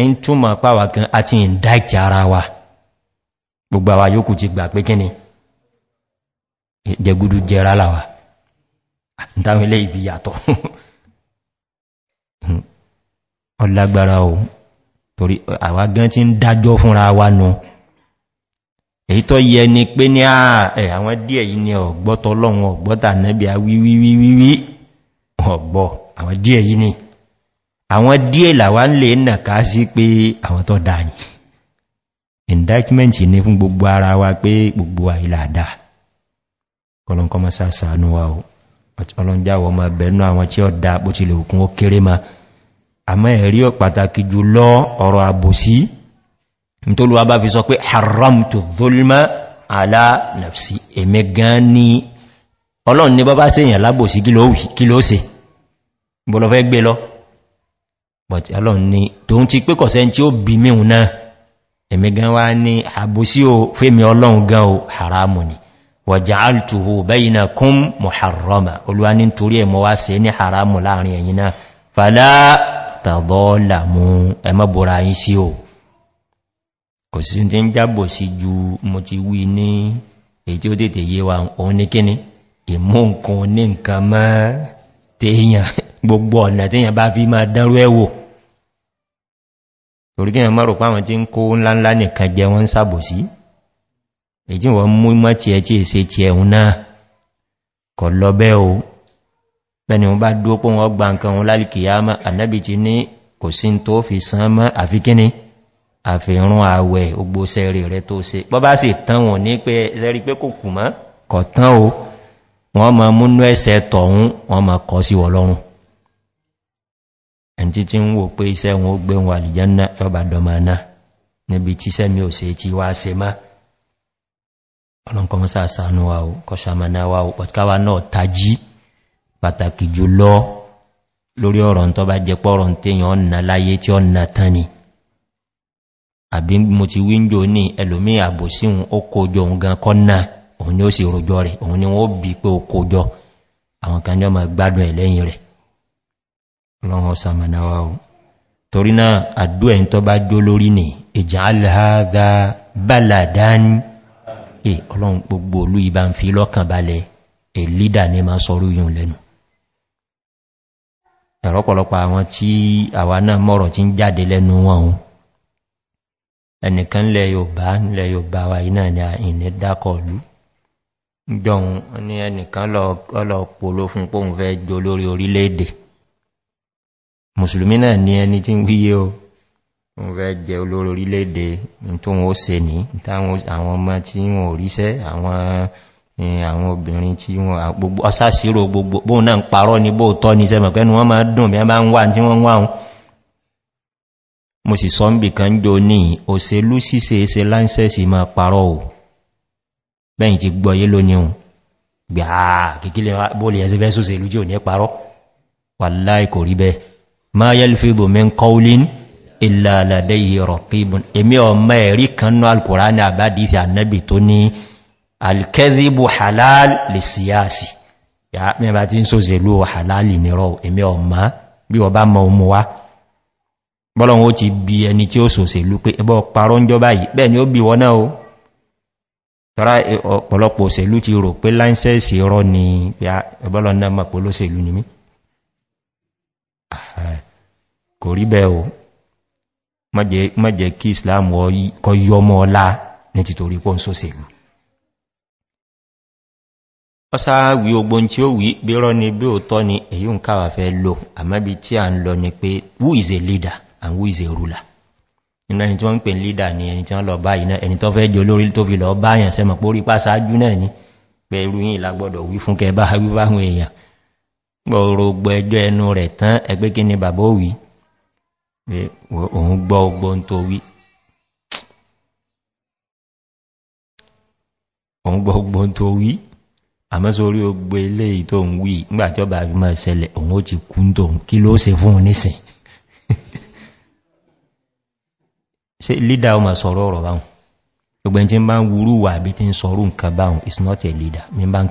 in túnmọ̀ pàwà kan àti indict ara wa gbogbo àwà yóò kù ti gbà pé kíni jẹgudu jẹra láwà ìtàwọn ibi yàtọ̀ [LAUGHS] ọlágbára ò torí àwà gan tí ń dájọ́ fúnra wa nù èyí tó yẹ ni pé ní ààrẹ àwọn díẹ̀ yìí ni ọ̀gbọ́tọ̀ ọlọ́run ọ̀gbọ́ta nẹ́bí wíwíwíwí ọ̀gbọ́ àwọn díẹ̀ yìí ni àwọn díẹ̀ làwà ń lè nà ká sí pé àwọn tó dáyì indictment ní fún gbogbo ara wa pé gbogbo àìlàdà kọlọ̀nkọmọ́sá sàánú wa ọlọ́njáwọ́ ọmọ àwọn tí ó dá bó tilẹ̀ òkun ó kéré máa àmọ́ ẹ̀rí pàtàkì jù lọ ọ̀rọ̀ àbòsí nítolúwa bá fi sọ pé haram tó zolma alá nàfsí èmẹ gan ní ọlọ́run ní bọ́bá sí èyàn lábòsí kí ló se bọ́lọ fẹ́ gbé lọ but ọlọ́run ní tóun ti pé kọ̀sẹ́ tí ó bí mìún náà èmẹ gan wá ní àbòsí tàbọ́ọ̀là mú ẹmọ́bùra yí sí ò kò sí tí ń jábò sí ju mo ti wí ní èyí tí ó tètè yé wa òun ní kíní ìmú nǹkan ní nǹkan mọ́ téèyàn [LAUGHS] gbogbo ọ̀nà téèyàn bá fi máa dánrú ẹ̀wò torí lọ bẹ́ o bẹni wọn bá dúó pọ́ wọn gba nǹkan wọn lálìkìyàmá ànábì ti ní kò sí tó fi sán mọ́ àfikíní àfihàn àwẹ̀ ogbó sẹ́rì rẹ tó se bọ́ bá sì tán wọn ní pé sẹ́rí pé kò kù mọ́ kọ̀ tán o wọ́n ma múnú ẹsẹ̀ tọ̀hún wọ́n ma kọ́ sí wọlọ́run ẹ̀n mọ́sá sánú wa pọ̀tíkáwà náà tají pàtàkì jùlọ lórí ọ̀rọ̀ tó bá jẹ pọ́rọ̀ tèyàn ọ̀nà láyé tí ó nà tán ni àbí mo ti wíńdò ní ẹlòmí àbò síhun ó kójọ òun gan kọ́nà òun ni ó sì rojọ́ rẹ̀ òun ni wọ́n bí pé ó kójọ àwọn kan jọ ma gbádùn ẹ̀ lẹ́yìn rẹ̀ lọ́wọ́ sàmànáwà o torí náà àdó ẹ̀rọpọ̀lọpọ̀ àwọn tí àwa náà mọ́rọ̀ tí ń jáde lẹ́nu wọn ohun ẹnìkan lẹ yóòbá lẹ yóòbá wa iná ni àìní dákọ̀ọ̀lú jọun ní ẹnìkan lọ pòló fún pòun fẹ́ jọ lórí orílẹ̀-èdè mùsùlùmí náà ní ẹni tí ń wíyé o wọ́n fẹ́ jẹ olórí orílẹ̀-èdè tó wọ́n ó se ní àwọn obìnrin tí wọ́n àgbogbo ọsásírò gbogbo bóò náà ń parọ́ ní bóò tọ́ ní sẹ́mọ̀ pẹ́nu wọ́n máa dùn bí a bá ń wà tí wọ́n wáhùn mo sì sọ ń bì kan jò ní òṣèlú síse ẹsẹ láńsẹ́sì ma parọ́ ò bẹ́yìn ti gbọ́ yé alkẹ́dìbò halal lè síyásì ya mẹ́bà tí ń sóṣèlú halali nìrọ èmì ọmọ bí wọ́n bá mọ ohun wá bọ́lọ̀wọ́ ti bí ẹni tí ó sòṣèlú pé ẹbọ́ parọ́ ń jọba yìí bẹ́ẹ̀ ni ó bí wọ́n náà ó tọ́rá e, ọ̀pọ̀lọpọ̀ òṣèlú ti rò mọ́jẹ̀ kí islam kọ yọmọ́ ọlá ní títorí pọ́ ń sóṣèlú ọsáàwí ogbon tí ó wí bírọ́ ni bí ó tọ́ ni èyí ń káwà fẹ́ lò àmọ́bí tí a ń lọ ni pé who is a leader and who is a ruler nínú ẹni tí wọ́n ń pè leader ni ẹni tí wọ́n lọ báyìí náà ẹni tó fẹ́ jẹ olórí tó fi lọ báyàn sẹ́mọ̀ pórí pásáájú náà ni pé irú yìí lágbọ́dọ̀ wí fún kẹ bá wí báhùn èèyàn gbọ́rọ̀ ẹjọ́ ẹnu rẹ̀ tán ẹgbẹ́ kí ni bàbá òwí pé òun gbọ́ ogbon tó wí òun gbọ́ ogbon tó wí àmọ́ sórí ogbe ilé ìtò ń wí nígbàjọba àgbìmọ̀ ìṣẹ̀lẹ̀ òun ó ti kú tó ń kí ló ṣe fún onísìn ṣe lídà ọmọ sọ̀rọ̀ ọ̀rọ̀ báhùn gbogbo tí ń bá ń wúrú wà bí tí ń sọ̀rọ̀ nǹkan báhùn is not a leader mi bá ń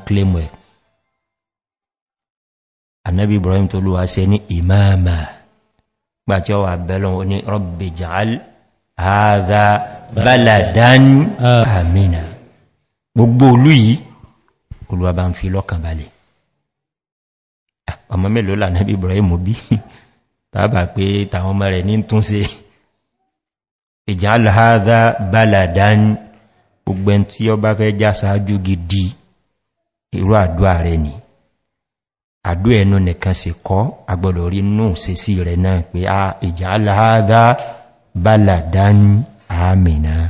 ibrahim tó lúwa ṣe ní ìmáàmà gbà tí ó wà bẹ́lọ̀ ní baladan ah. amina gbogbo olú yìí olúwa bá ń fi lọ́kàn balẹ̀ ah, ọmọ mélòó là náà bí ibrahim bí [LAUGHS] tàbà pé tàwọn ọmọ rẹ̀ ní tún sí ìjà alhada baladan gbogbo tí ó bá fẹ́ já sáájú gidi irú àdúà rẹ̀ ni àdú ẹnu nìkan sì kọ́ agbọ̀dọ̀ rí nù sí sí rẹ̀ náà pé a ah, ìjà alhada baladan amina. Ah,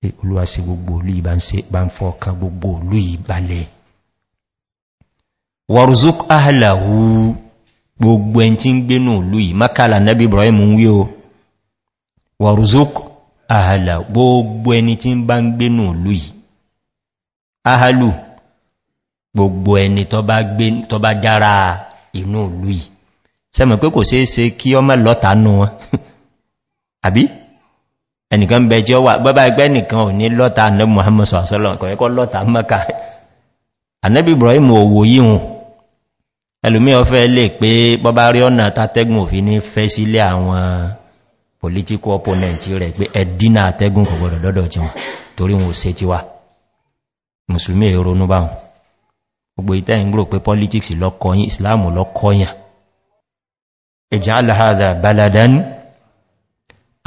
pé olúwa sí gbogbo olú ìbá ń se bá ń fọ́ọ̀kan gbogbo olú ìbalẹ̀ wọ̀rùzúk ahàlàwú gbogbo ẹn tí ń gbénú olú yìí makala nabi ibrahim ń wí o wọ̀rùzúk ahàlà gbogbo ẹni tí ń bá ń gbénú olú yìí ahàlù gbogbo ẹni tó bá jára inú olú yìí sẹ́mọ̀ pé kò ṣeé kí ọmọ lọ́ta wọn [LAUGHS] àbí ẹnìkan bẹ jẹ́ wà bọ́bá ẹgbẹ́ nìkan ò ní lọ́ta annabi muhammad sọ̀sọ́lọ̀ kọ̀ ẹkọ́ lọ́ta mẹ́ka annabi ibrahim owó yíhun ẹlùmí ọfẹ́ lè pé bọ́bá rí ọ̀nà tàtẹ́gùn òfin ní fẹ́ sílé àwọn political opponent rẹ̀ pé ẹ̀dínà àtẹ́gùn kọ̀gbọ̀dọ̀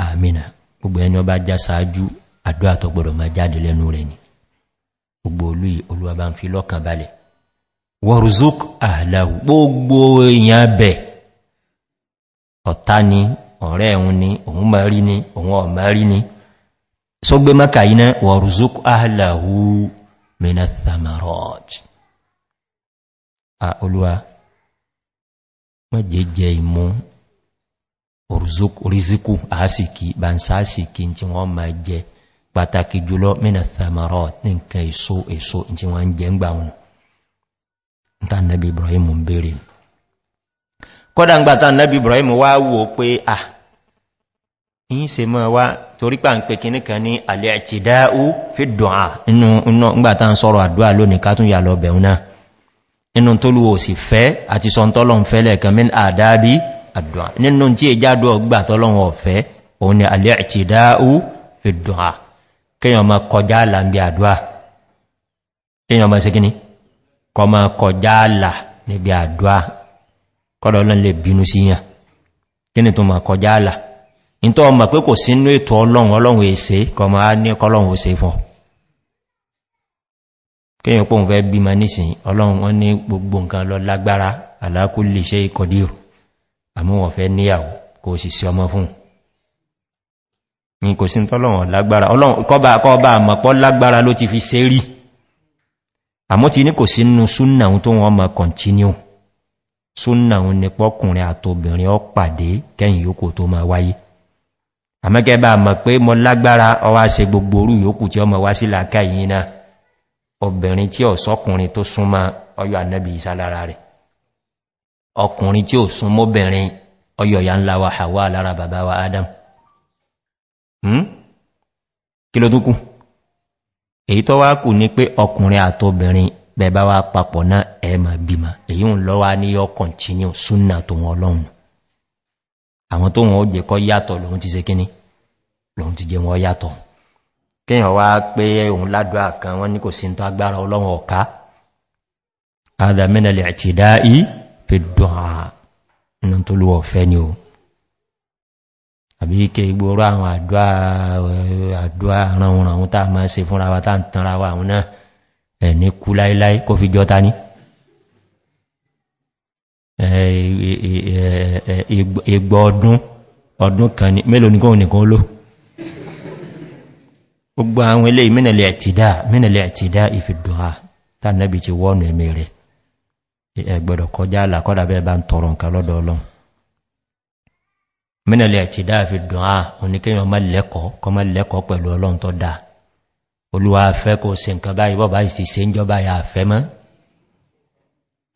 amina gbogbo ẹni ọba já sáájú àdúrà tó gbọdọ̀ máa jáde lẹ́nu rẹ̀ ni gbogbo olú olúwa bá ń fi lọ́kàn balẹ̀ wọ́rùzúk àhàláwù gbogbo èèyàn bẹ̀ ọ̀tá ni ọ̀rẹ́ ẹ̀hun ni òun máa rí ni òun ọ̀má rí ni sógbé mọ́kà yíná olúwa wọ́n jẹ́ jẹ́ ìmú òrìsíkù àásìkí bá ń sáàsìkí tí wọ́n ma jẹ pàtàkì jùlọ mínà thamarọ̀ ní nǹkan èso èso tí wọ́n ń jẹ ń gbà wọn tán nabi ibrahim ń bèèrè kọ́dà ń gbà tán nabi ibrahim wá wò pé à yí se mọ́ wá torí pà ń pè kí níkan ní alẹ́ àti dáú fi dùnà inú ngbà tán àdùá nínú tí è jádù ọgbà tọ́lọ́wọ́ ọ̀fẹ́ òun ni alẹ́ àti ìdáú fi dùá kíyàn ma kọjá àlà ń bí àdùá kíyàn ma síkíní kọ ma kọjá àlà níbi àdùá kọ́lọ́lọ́ lè bínú sí yàn kí ni tó ma kọjá àlà ìntọ́ ọmọ pé kò sínú ètò ọlọ́run ọlọ́run èsè kọ ma ní kọlọ́run òsè fún kíyàn nísìn ọlọ́run wọ́n ní gbogbo nǹkan lọ lágbára àlákùlé iṣẹ́ ìkọdíò àmúwọ̀n fẹ́ níyàwó kò sì sí ọmọ fún ní kò sí tọ́lọ̀wọ̀n lágbára kọba kọba àmọ̀pọ̀ lágbára ló ti fi ṣe rí àmọ́ ti ní kò sí nínú súnnà tó wọ́n mọ̀ continue súnnà ní pọ́kùnrin àtòbìnrin ọ pàdé kẹ́yìn yóò tó máa wáyé àmọ́kẹ́ bá mọ̀ pé mọ lágbára ọwá se gbogbo orú yóò tí ọmọ wá sí làákà yìí náà obìnrin tí ọ̀sọ́kùnrin tó súnmọ́ ọyọ́ ànábì ìsálára rẹ̀ ọkùnrin tí ó sún mọ́bìnrin ọyọ̀yà ńlá wa Hawa lára bàbá wa Adam hmm? kí ló dúnkù èyí tó wá kù ní pé ọkùnrin àtobìnrin bẹ̀bá wa papọ̀ náà ẹ̀mà bímà èyí ń lọ́wà ní ọkàn tí ní òsúnnà tó wọn ọlọ́run àwọn tó wọn ó jẹ kọ́ yàtọ̀ lòun ti ṣe kíní lòun ti jẹ wọn yàtọ̀ kíyàn wá pé òun ládùá kan wọ́n ní kò sí tó agbára ọlọ́run ọ̀ká adàmínà lè àtìdá yìí fi dọ́ha inú tó lú ọ̀fẹ́ ni o àbí ike ìgboro àwọn àdúwà ránwọ̀n àwọn tàà máa se fúnra wa tàà tànra wa àwọn náà ẹ̀ ní kú láíláí kó fi jọta ní ìgbọ̀ ọdún ọdún kan ní mélòó nìkan nìkan ló gbogbo àwọn ilé ìmìnàlẹ̀ ẹ̀tìdá ìfìdùn à tàà nẹ́bì ti wọ́nà ẹ̀mẹ́ rẹ̀ ẹgbẹ̀rọ̀ kọjá àlàkọ́dà bẹ́ẹ̀ bá ń tọrọ nǹkan lọ́dọ̀ ọlọ́run mínàlẹ̀ ti dáàfi dùn á oníkéyàn má lẹ́kọ̀ọ́ kọ má lẹ́kọ̀ọ́ pẹ̀lú ọlọ́run tó dáa olúwa fẹ́ kò se nǹkan báyìí bọ́ báyìí sì se ń jọba ya fẹ́ mọ́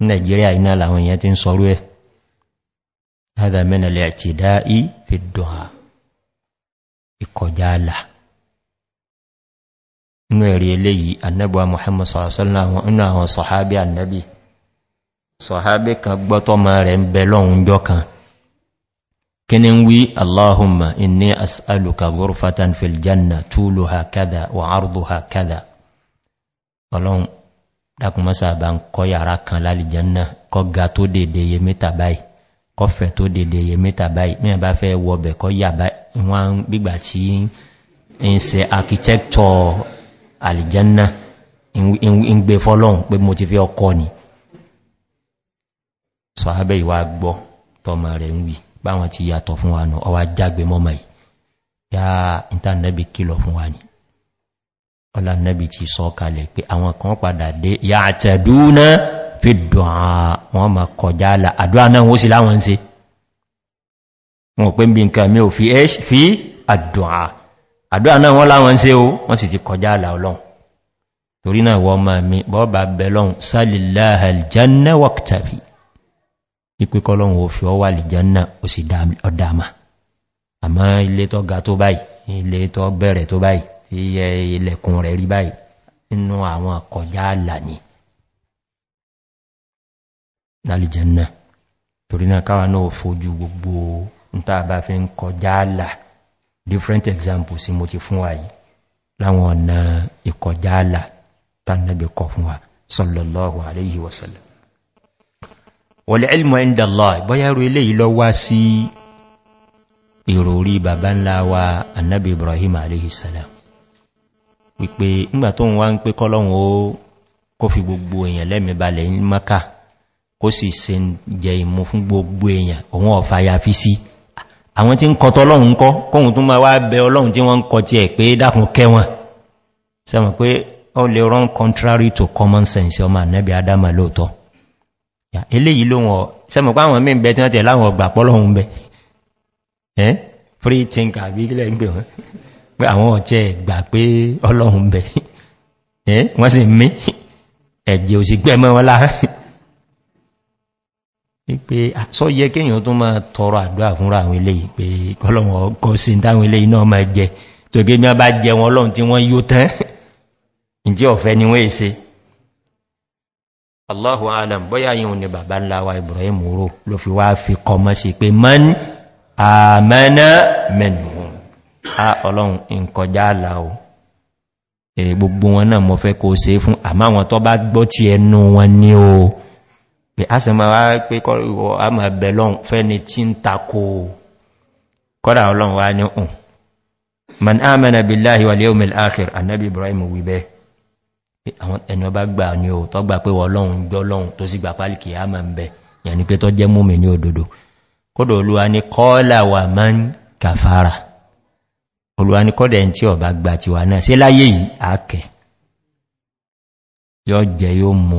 nàìjíríà iná làwọn èèyàn ti ń sọrú ẹ̀ láàdà mínàlẹ̀ ti dáa í fi dùn á ìkọjá àlà inú ẹ̀rí eléyìí annabuwa muhammad sallallahu alaihi wasallam inú àwọn sọ̀hábí annabi sọ̀hábé kan gbọ́tọ́mọ rẹ̀ ń bẹ lọ́hun jọ kan kí ni ń wí allahumma inni as'aluka gurfatan fil janna tulu ha kada wa ardu ha kada ọlọ́run dákùnmọ́sà bá ń kọ yàrá kan lálìjanna kọ ga tó dèdè yẹ mẹ́ta báyìí kọ fẹ̀ tó dèdè yẹ mẹ́ta báyìí mẹ́ bá fẹ́ wọbẹ̀ kọ yà wọ́n gbígbà tí ń se sọ̀hábẹ́ ìwà gbọ́ tọ́mà rẹ̀ ń wì báwọn ti yàtọ̀ fún wa nù ọwá jágbe mọ́mà yìí yá ìntànẹ́bì kìlọ̀ fún wa ní ọlá nẹ́bì ti sọ kalẹ̀ pé àwọn kan padà dé yà àtẹ̀dúnà fi dùn àwọn ma kọjá àlà àdúrà náà wó sí láwọn se wọn pé bí nǹkan mi ò wọ́n torí náà wọ́n máa mi bọ́ọ̀bà bẹ̀lọ́run sálìláhàl jẹ́ náwọ̀kítàfì ipé kọlọ́run ò fi ọ wà lìjánà ò sì ọ̀dàmà àmọ́ ilé tó ga tó báyìí ilé tó bẹ̀rẹ̀ tó báyìí tí yẹ ilẹ̀kùn rẹ̀ rí báyìí nínú àwọn àkọjá àlà ní lálìjánà torí náà káwà náà fojú gbogbo níta fi ń kọjá àlà different examples sí mo ti fún wa yìí láwọn ọ̀nà ìkọjá àlà tánàbí fún wa sọlọ̀lọ́wọ̀ àléyìí wọ̀sọ̀lọ̀ wọ̀lẹ́ẹ̀lmọ̀ ẹ̀ndàlá bọ́yárò ilé ìlọ wá sí orí bàbá ńlá wa annabi ibrahim aleyhisselam wípé ńgbà tó ń wá ń pé kọ́lọ́hun ó kó fi gbogbo èèyàn lẹ́mí balẹ̀ ń mọ́ká kó sì se jẹ gbogbo èèyàn òun ọ̀fà ya fi sí àwọn tí ń ọlọ́run eléyìí ló wọn sẹ́mọ̀ páwọn mí bẹ tí wọ́n tẹ̀ láwọn ọgbà pọ́lọ̀hun bẹ ẹ́ free think àbí ilẹ̀ gbẹ̀ wọ́n pé àwọn ọ̀tẹ́ gbà pé ọlọ́hun bẹ ẹ́ wọ́n sì mí ẹ̀jẹ̀ òsì gbẹ́ mọ́ wọn lára pé sọ yẹ kéèyàn tó máa tọrọ àdúrà fúnra àwọn eléyìí pé kọlọ́wọ́n kọ́ sí táwọn eléyìí náà Allahu alam bóyá yíò ni bàbá ńlá wa Ibrahim ro ló fi wá fi kọmọ sí pé man àmẹ́nà mẹ́nuhun a ọlọ́run ìkọjá àlà o gbogbo wọn náà mọ́ fẹ́ kó ṣe fún àmá wọn tó bá gbọ́ ti ẹnu wọn ní o pé a sì máa wá pé kọ́rọ̀ a máa bẹ̀ lọ́n fẹ́ni tí ń takò kọ́dà ọlọ́run wá ní ùn man ámẹ́nà bí láhíwà lé omi annabi Ibrahim wí bẹ́ẹ̀ ẹni ọba gbà ní o tọ́ gbà pé ọlọ́run gbọ́lọ́run tó sì gbà pálìkì a máa ń bẹ̀ yàní pé tọ́ jẹ́ múmi ní òdòdó kódò olúwa ní kọ́ọ́là wà máa ń kàfàrà olúwa ní kọ́dẹ̀ tí ọba gbà ti wà náà sí láyé yìí àkẹ́ yóò mú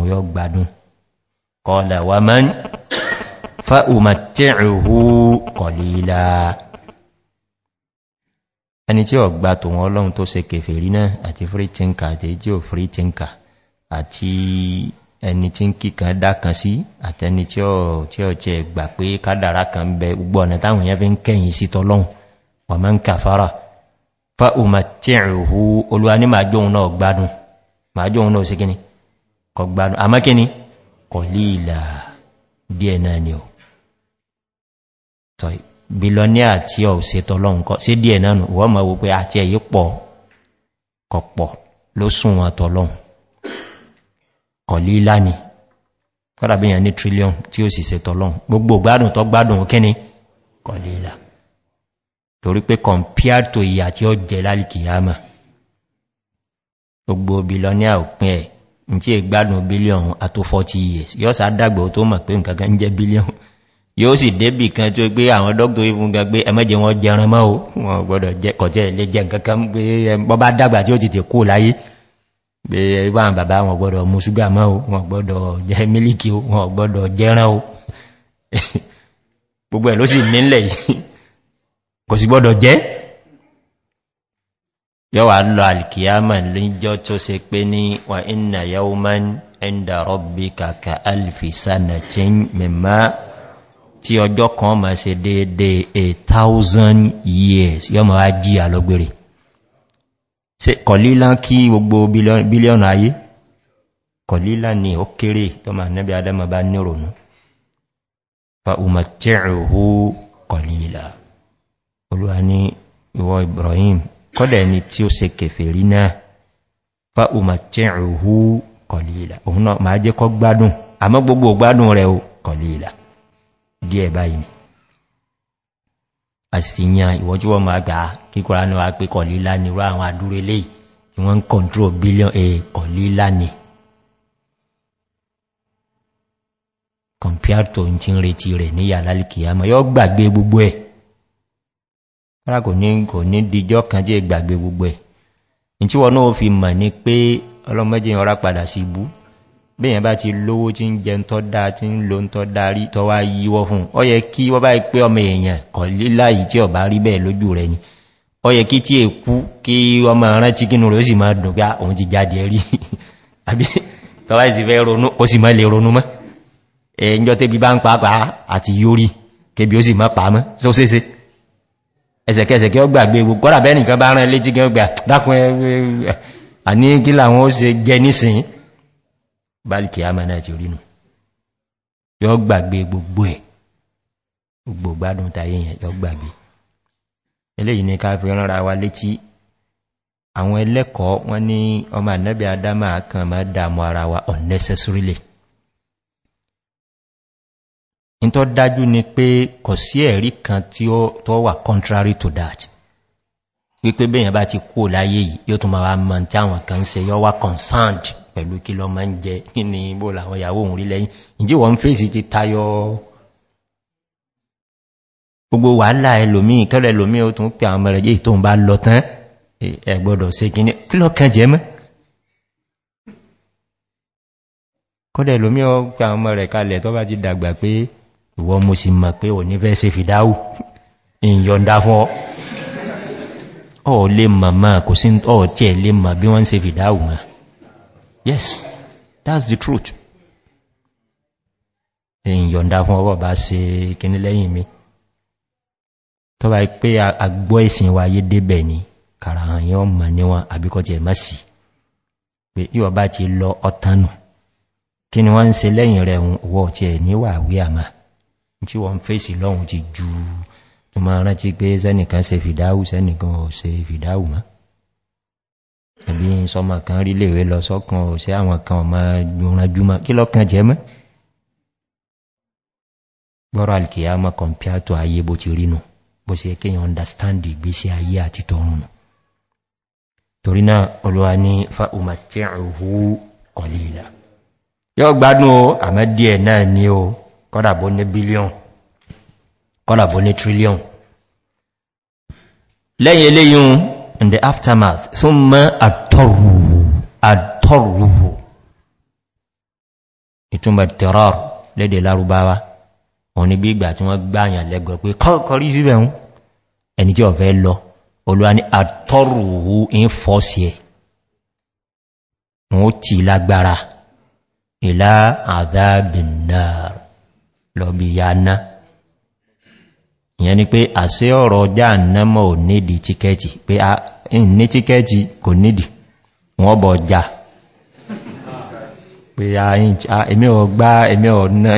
ẹni tí ó gba tòun ọlọ́run tó se kèfèrí náà àti free thinker àti tí ó free thinker àti ẹni tí ń kíkan dákan sí àtẹni tí ó tí ó jẹ gbà pé kádàrá kan bẹ gbogbo ọ̀nà táwọn èèyàn fi ń kẹ́yìn sí tọ́lọ́run wà máa ń kàfàrà fáùmà tí ìrùhú olúwa ní máa jóun náà gbádùn máa jóun náà sí kíni kọ gbádùn àmọ́ kíni kọ̀ líìlà díẹ̀ náà ni ò bilọ́níà tí ọ̀ se tọ́lọ́un kọ́ sí díẹ̀ náà wọ́n mọ̀ wípé àti ẹ̀yí pọ̀ kọ̀pọ̀ ló sún wọn tọ́lọ́un kọ̀lí láni kọ́dàbíyàn ní trillion tí ó sì se tọ́lọ́un gbogbo gbádùn tó gbádùn kíní kọ̀lí là torí pé compared to ìyà tí ó jẹ lálìkìyàmà gbogbo bilọ́níà òpin ẹ̀ ní tí 40 years yọ́sà dàgbà tó mọ̀ pé nǹkan kan jẹ́ bílíọ̀n yóò sì débì kan tó gbé àwọn dr even ga gbé ẹmẹ́jẹ wọn jẹran mọ́ wọn gbọ́dọ̀ kọ̀jẹ́ ilé jẹ nkankan gbé bọ́bá dàgbà tí ó ti tè kó láyé gbé ẹgbà bàbá wọn gbọ́dọ̀ mú ṣúgà mọ́ wọn gbọ́dọ̀ jẹ mílíkì wọn gbọ́dọ̀ jẹran o [LAUGHS] gbogbo ẹ̀ ló sì nílẹ̀ kò sì gbọ́dọ̀ jẹ́ yọ́wà lọ alkiyama lójọ́ tó se pé ní wà inna yawman inda rabbika ka alfi sanatin mimma tí ọjọ́ kan ma ṣe dédé a thousand years yọ́ ma wá jí àlọ́gbèrè ṣe kọ̀lílá kí gbogbo bílíọ̀nù ayé kọ̀lílá ni ó kéré tó ma nẹ́bí adama bá nírònú fa umartiruhu kọ̀lílá olúwa ní ìwọ ibrahim kọ́dẹ̀ ni tí ó se kèfèrí náà fa umartiruhu kọ̀lílá òun náà ma jẹ́ kọ́ gbádùn àmọ́ gbogbo gbádùn rẹ̀ kọ̀lílá díẹ̀ báyìí àṣìyàn ìwọ́n tí wọ́n máa gbà kíkọ́ra ní wá pé kọ̀lílá ní rú àwọn àdúró lè tí wọ́n ń kọ̀ntró bílíọ̀n a kọ̀lílá ní kọ̀mpíàtò tí ń retí rẹ̀ ní yà lálìkìyàmọ́ yọ́ gbàgbé gbogbo ẹ̀ rárá kò ní kò ní díjọ́ kan jẹ́ gbàgbé gbogbo ẹ̀ ní tí náà fi mọ̀ ní pé ọlọ́mọ́jẹ́ ọrá padà sí ibú bẹ́yàn bá ti lówó tí ń jẹ tọ́ dá tí ń lo tọ́ darí tọ́ wá yíwọ́ fún ọ yẹ kí wọ́n bá pé ọmọ èèyàn kọ̀ líláyìí tí ọ̀bá rí bẹ́ẹ̀ lójú rẹ̀ ni ọ yẹ kí tí èkú kí ọmọ rántí kínú rẹ̀ ó sì máa dùn pé ah, òun ti jáde rí [LAUGHS] àbí tọ́wá ìsì fẹ́ ronú ó sì máa lè ronú mọ́ ẹ̀yìn tẹ́bí bá ń pàápàá àti yórí kébí ó sì bálìkì àmà náà ti rínú yọ gbàgbé gbogbo ẹ̀ gbogbo gbádùn tayé yẹn yọ gbàgbé eléyìí ní ká fi ránra wa létí àwọn ẹlẹ́kọ̀ọ́ wọ́n ní ọmọ ànẹ́bí adámà kan máa dàmọ́ ara wa unnecessarily in tó dájú ni pé kò sí ẹ̀rí kan tí ó tó wà contrary to that wípé bẹ́yàn bá ti kú láyé yìí yóò tún máa mọ̀ tí àwọn kan ń se yọ́ wá concerned pẹ̀lú kí lọ máa ń jẹ ní bó làwọn ìyàwó òun rí lẹ́yìn ìjí wọ́n fèsì ti tayọ gbogbo wàhálà ẹlòmí kẹ́lẹ̀ ẹlòmí ó tún pẹ àwọn mẹ́rẹ̀ tó ń bá lọ tán ẹgbọ́dọ̀ sí kí ní kí lọ kàn jẹ mọ́ kọ́dẹ̀ ẹlòmí ó pẹ àwọn mẹ́rẹ̀ kalẹ̀ tó bá ti ọ̀ lè mọ̀ mọ̀ kò sí ọ̀ tí ẹ̀ lè mọ̀ bí wọ́n ń se fìdáhù mọ̀ yes that's the truth èyàn yọ̀nda fún ọwọ́ bá se kíní lẹ́yìn mi tó bá pé àgbọ́ ìsìn wa yé débẹ̀ ni kàrà àyàn ọmọ níwọ̀n àbíkọ́tí ẹ̀mọ́ sí pé yíò bá ti lọ ọ̀tánù kí ni wọ́n ń se lẹ́yìn rẹ̀ wọ́ ti ẹ̀ níwà wí àmà tí wọ́n fèsì lọ́hun ti ju tó máa rántí pé sẹ́nìkan se fìdáhù sẹ́nìkan ò se fìdáhù máa ìbí sọmọ kan rí lèwé lọ sọ́kan ò sí àwọn kan ọmọ gbọ́nranjúmọ́ kí lọ́kan jẹ́ mọ́ gbọ́rọ̀ alìkìyà mọ́ kọmpiátò ayé bó ti rínú bó sì kíyàn understand ìgbésí ayé àti tọrùn torí náà olúwa ní fa'uma tí òhú kọlìlà yóò gbádùn o àmọ́ díẹ̀ náà ní o in the aftermath thumma at-tarruhu at-tarruhu ìtumọ̀ terror lédè lárúbáwá wọn ni bí ìgbà tí wọ́n gbáyàn lẹ́gọ̀ pé kọ́kọ́rí sí bẹ̀rún ẹni tí ọ̀fẹ́ lọ olúwa ní at-tarruhu in fọ́sí ẹ̀ wọ́n ti lágbára ìlà àdábìnnáà lọ bí yá náà ìyẹn ni pé àṣẹ ọ̀rọ̀ ọjá ànámọ̀ ò nídi tíkẹ́ẹ̀tì pé a ní tíkẹ́ẹ̀tì kò nídi wọ́n bọ̀ já pé a èmi ọ̀gbá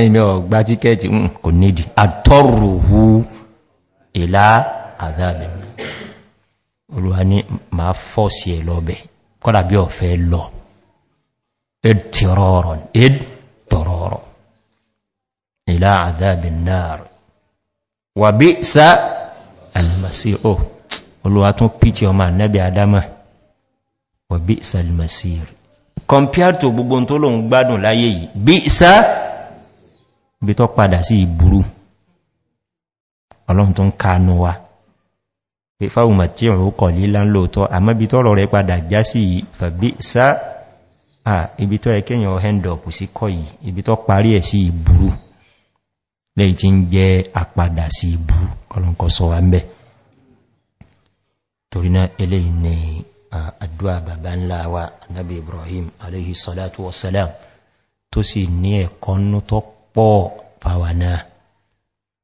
èmi ọ̀gbá tíkẹ́ẹ̀tì kò nídi àtọ́rùhú ìlà àdáàbẹ̀ olúwa ní ma fọ́ sí ẹ̀ lọ́bẹ̀ kọ́dà bí ọ̀fẹ́ lọ ed tọrọ ọ̀rọ̀ ìlà àdáàbẹ̀ wà bí sá alìmọ̀sí ò oh, olúwa tún pìtì ọmọ ànẹ́bẹ̀ adama wà bí sá alìmọ̀sí rẹ̀ kọmpiátò gbogbo tó lòun gbádùn láyé yìí bí sá bí tó padà sí ìburú ọlọ́run tó ń kánú wa pé fáwọn tí ọ̀rọ̀ kọ̀ lílá lóòótọ́ àmọ́ bí tọ́rọ rẹ̀ padà já sí fàbí sá ibi tó ẹkẹ́yàn ọ̀hẹ́ndọ̀pù sí kọ́ yìí ibi tó parí ẹ̀ sí ìburú lè tí ń jẹ́ àpadà sí ibú kọlọ̀nkọ́ sọ wá mẹ́ torí náà ilé ní àdúwà bàbá ńlá wa anábi ibrahim aléhì sọ́látù wasalam tó sì ní ẹ̀kọ́nú tó pọ̀ fàwà náà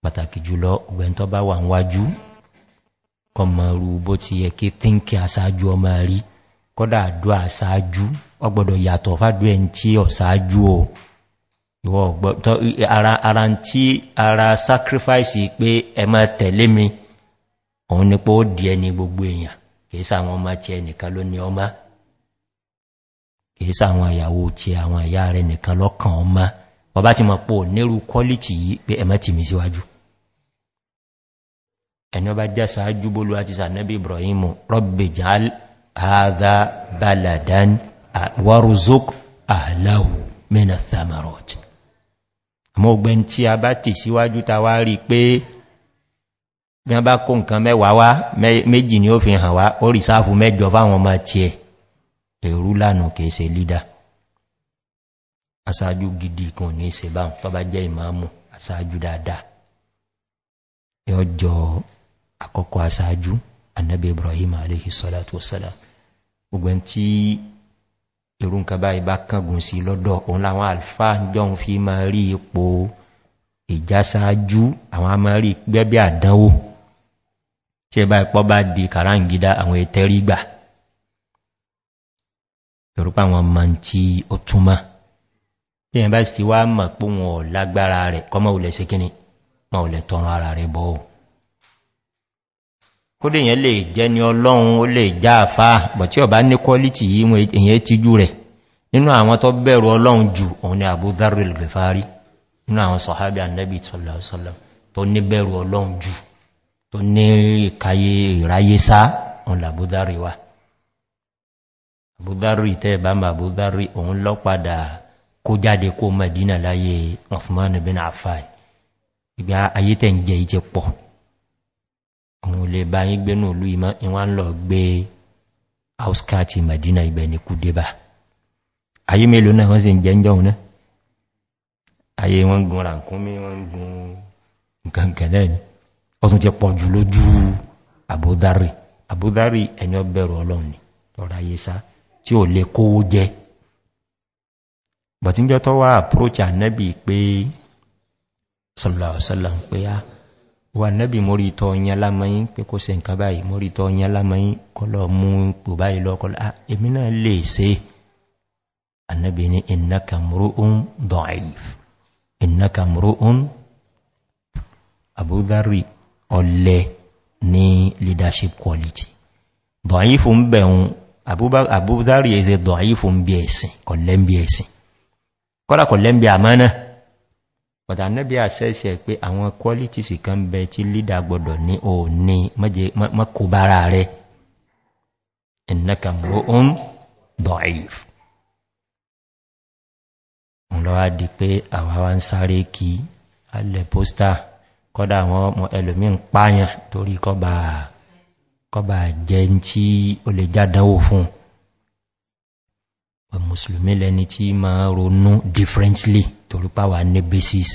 pàtàkì jùlọ ọgbẹ̀ntọ́ bá wà wájú kọmọrù bó ti yẹ kí tínkì asájú ọmọ rí kọ́dà àdúwà asájú ìwọ̀ ọ̀gbọ̀tọ́ ara tí ara sacrifice pé ẹ mọ́ tẹ̀lé mi òun ni pé ó di ẹni gbogbo èèyàn kìísà àwọn ọmọ tí ẹnìkan ló ní ọmọ kìísà àwọn ìyàwó tí àwọn ìyá rẹ̀ nìkan lọ́kàn ọmọ ọba ti mọ̀ pò nírú quality yìí pé ẹmọ́ ti mi síwájú ẹni thamarot àmọ́ ogbẹ́ tí a bá tì síwájú ta wá rí pé bí wọ́n bá kó nǹkan mẹ́wàá wá méjì ni ó fi hàn wá ó sáàfù mẹ́jọ fáwọn ọmọ tí ẹ̀ èrú lánà kìí se lídà asáájú gidi kan ní ìsẹ̀ báhùn tọ́bá jẹ́ ìmáàmù asáájú dáadáa ẹjọ́ ibrahim aléhìsọ́lá tó sọ́lá gbogbo irú nǹkan báyìí bá kángun sí lọ́dọ̀ òun láwọn alfa jọun fi ma rí ipò ìjásáájú àwọn a ma rí gbẹ́bí àdánwò tí ẹ bá ipọ́ bá di kàráǹgídá àwọn ẹ̀tẹ́rí gbà torúpá wọn ma ń tí ó túnmá tí ẹ bá sì wá mọ̀ pé wọn lágbára rẹ̀ kọ́mọ̀ ulẹ̀ sí kíní wọn ulẹ̀ tọrọ ara rẹ̀ bọ́ọ̀ kó lè yẹn lè jẹ́ ni ọlọ́run ó lè já àfá bọ̀ tí ọba ní kọ́lítì yí wọn èyàn ti jú rẹ̀ nínú àwọn tó bẹ̀rù ọlọ́run jù òun ni àbú dárìl gẹfàárí nínú àwọn sọ̀hábí annabi tọ́lọ̀sọ́lọ̀ tó ní bẹ̀rù ọlọ́run jù tó ní ìkáyé àwọn olè bá yí gbénú olú ìmọ́ ìwọ́n lọ gbé auskati madina ibẹ̀ ní kúdébà ayé mélòó náà wọ́n sì ń jẹ́ ń jọun náà ayé wọ́n gun ràkúnmí wọ́n gun nkankan ni ti pọ̀ jù lójú àbúdárì àbúdárì ẹni ọbẹ̀rù ọlọ́run ni wà nẹ́bì mórí tọ ìyàn lámọ́yìn pé kó se nǹkan báyìí mórí tọ ìyàn lámọ́yìn kọlọ̀ mú pò báyìí lọ́kọlọ̀ ah, èmi náà lè ṣe annabi ni innaka mru'un da'if innaka mru'un abudhari ọlẹ ní leadership quality da'if ń bẹ̀rún abudhari ẹ̀ṣẹ̀ da'if ń bí ẹ̀sìn kọ̀lẹ́ ń bí ẹ̀sìn kọ́lá kọ̀lẹ́ ń bí àmánà but anabi asẹ́sẹ̀ pé àwọn qualities kan bẹ tí leader gbọdọ̀ ní o ní mọ́kúbára rẹ̀ ẹ̀nàkàmọ́ oún dọ̀if ọlọ́wà di pé àwọn wá ń sáré kí alẹ̀ póstà kọ́dá àwọn ọmọ ẹlòmí ń pààyàn torí kọba jẹ́ tí ó lè jádánwò fún mùsùlùmí lẹni tí ma ronú differently torípáwà ní basis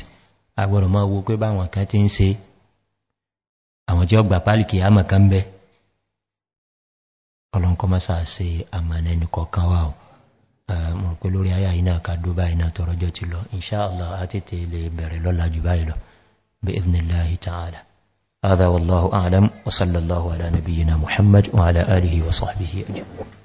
agbọ́dọ̀ máa wo pé báwọn kan ti ń se àwọn tí ó gbà pálìkì àmà kan bẹ́ ọlọ́nkọ́ mọ́sá se àmàlẹ́ nìkọ̀ọ̀kan wà ó mọ̀ pé lórí ayá iná kàdó báyìí náà tọrọjọ́ ti lọ inṣáàlá àtètè lè bẹ̀rẹ̀ هذا والله أعلم وصلى الله على نبينا محمد وعلى آله وصحبه أجمعين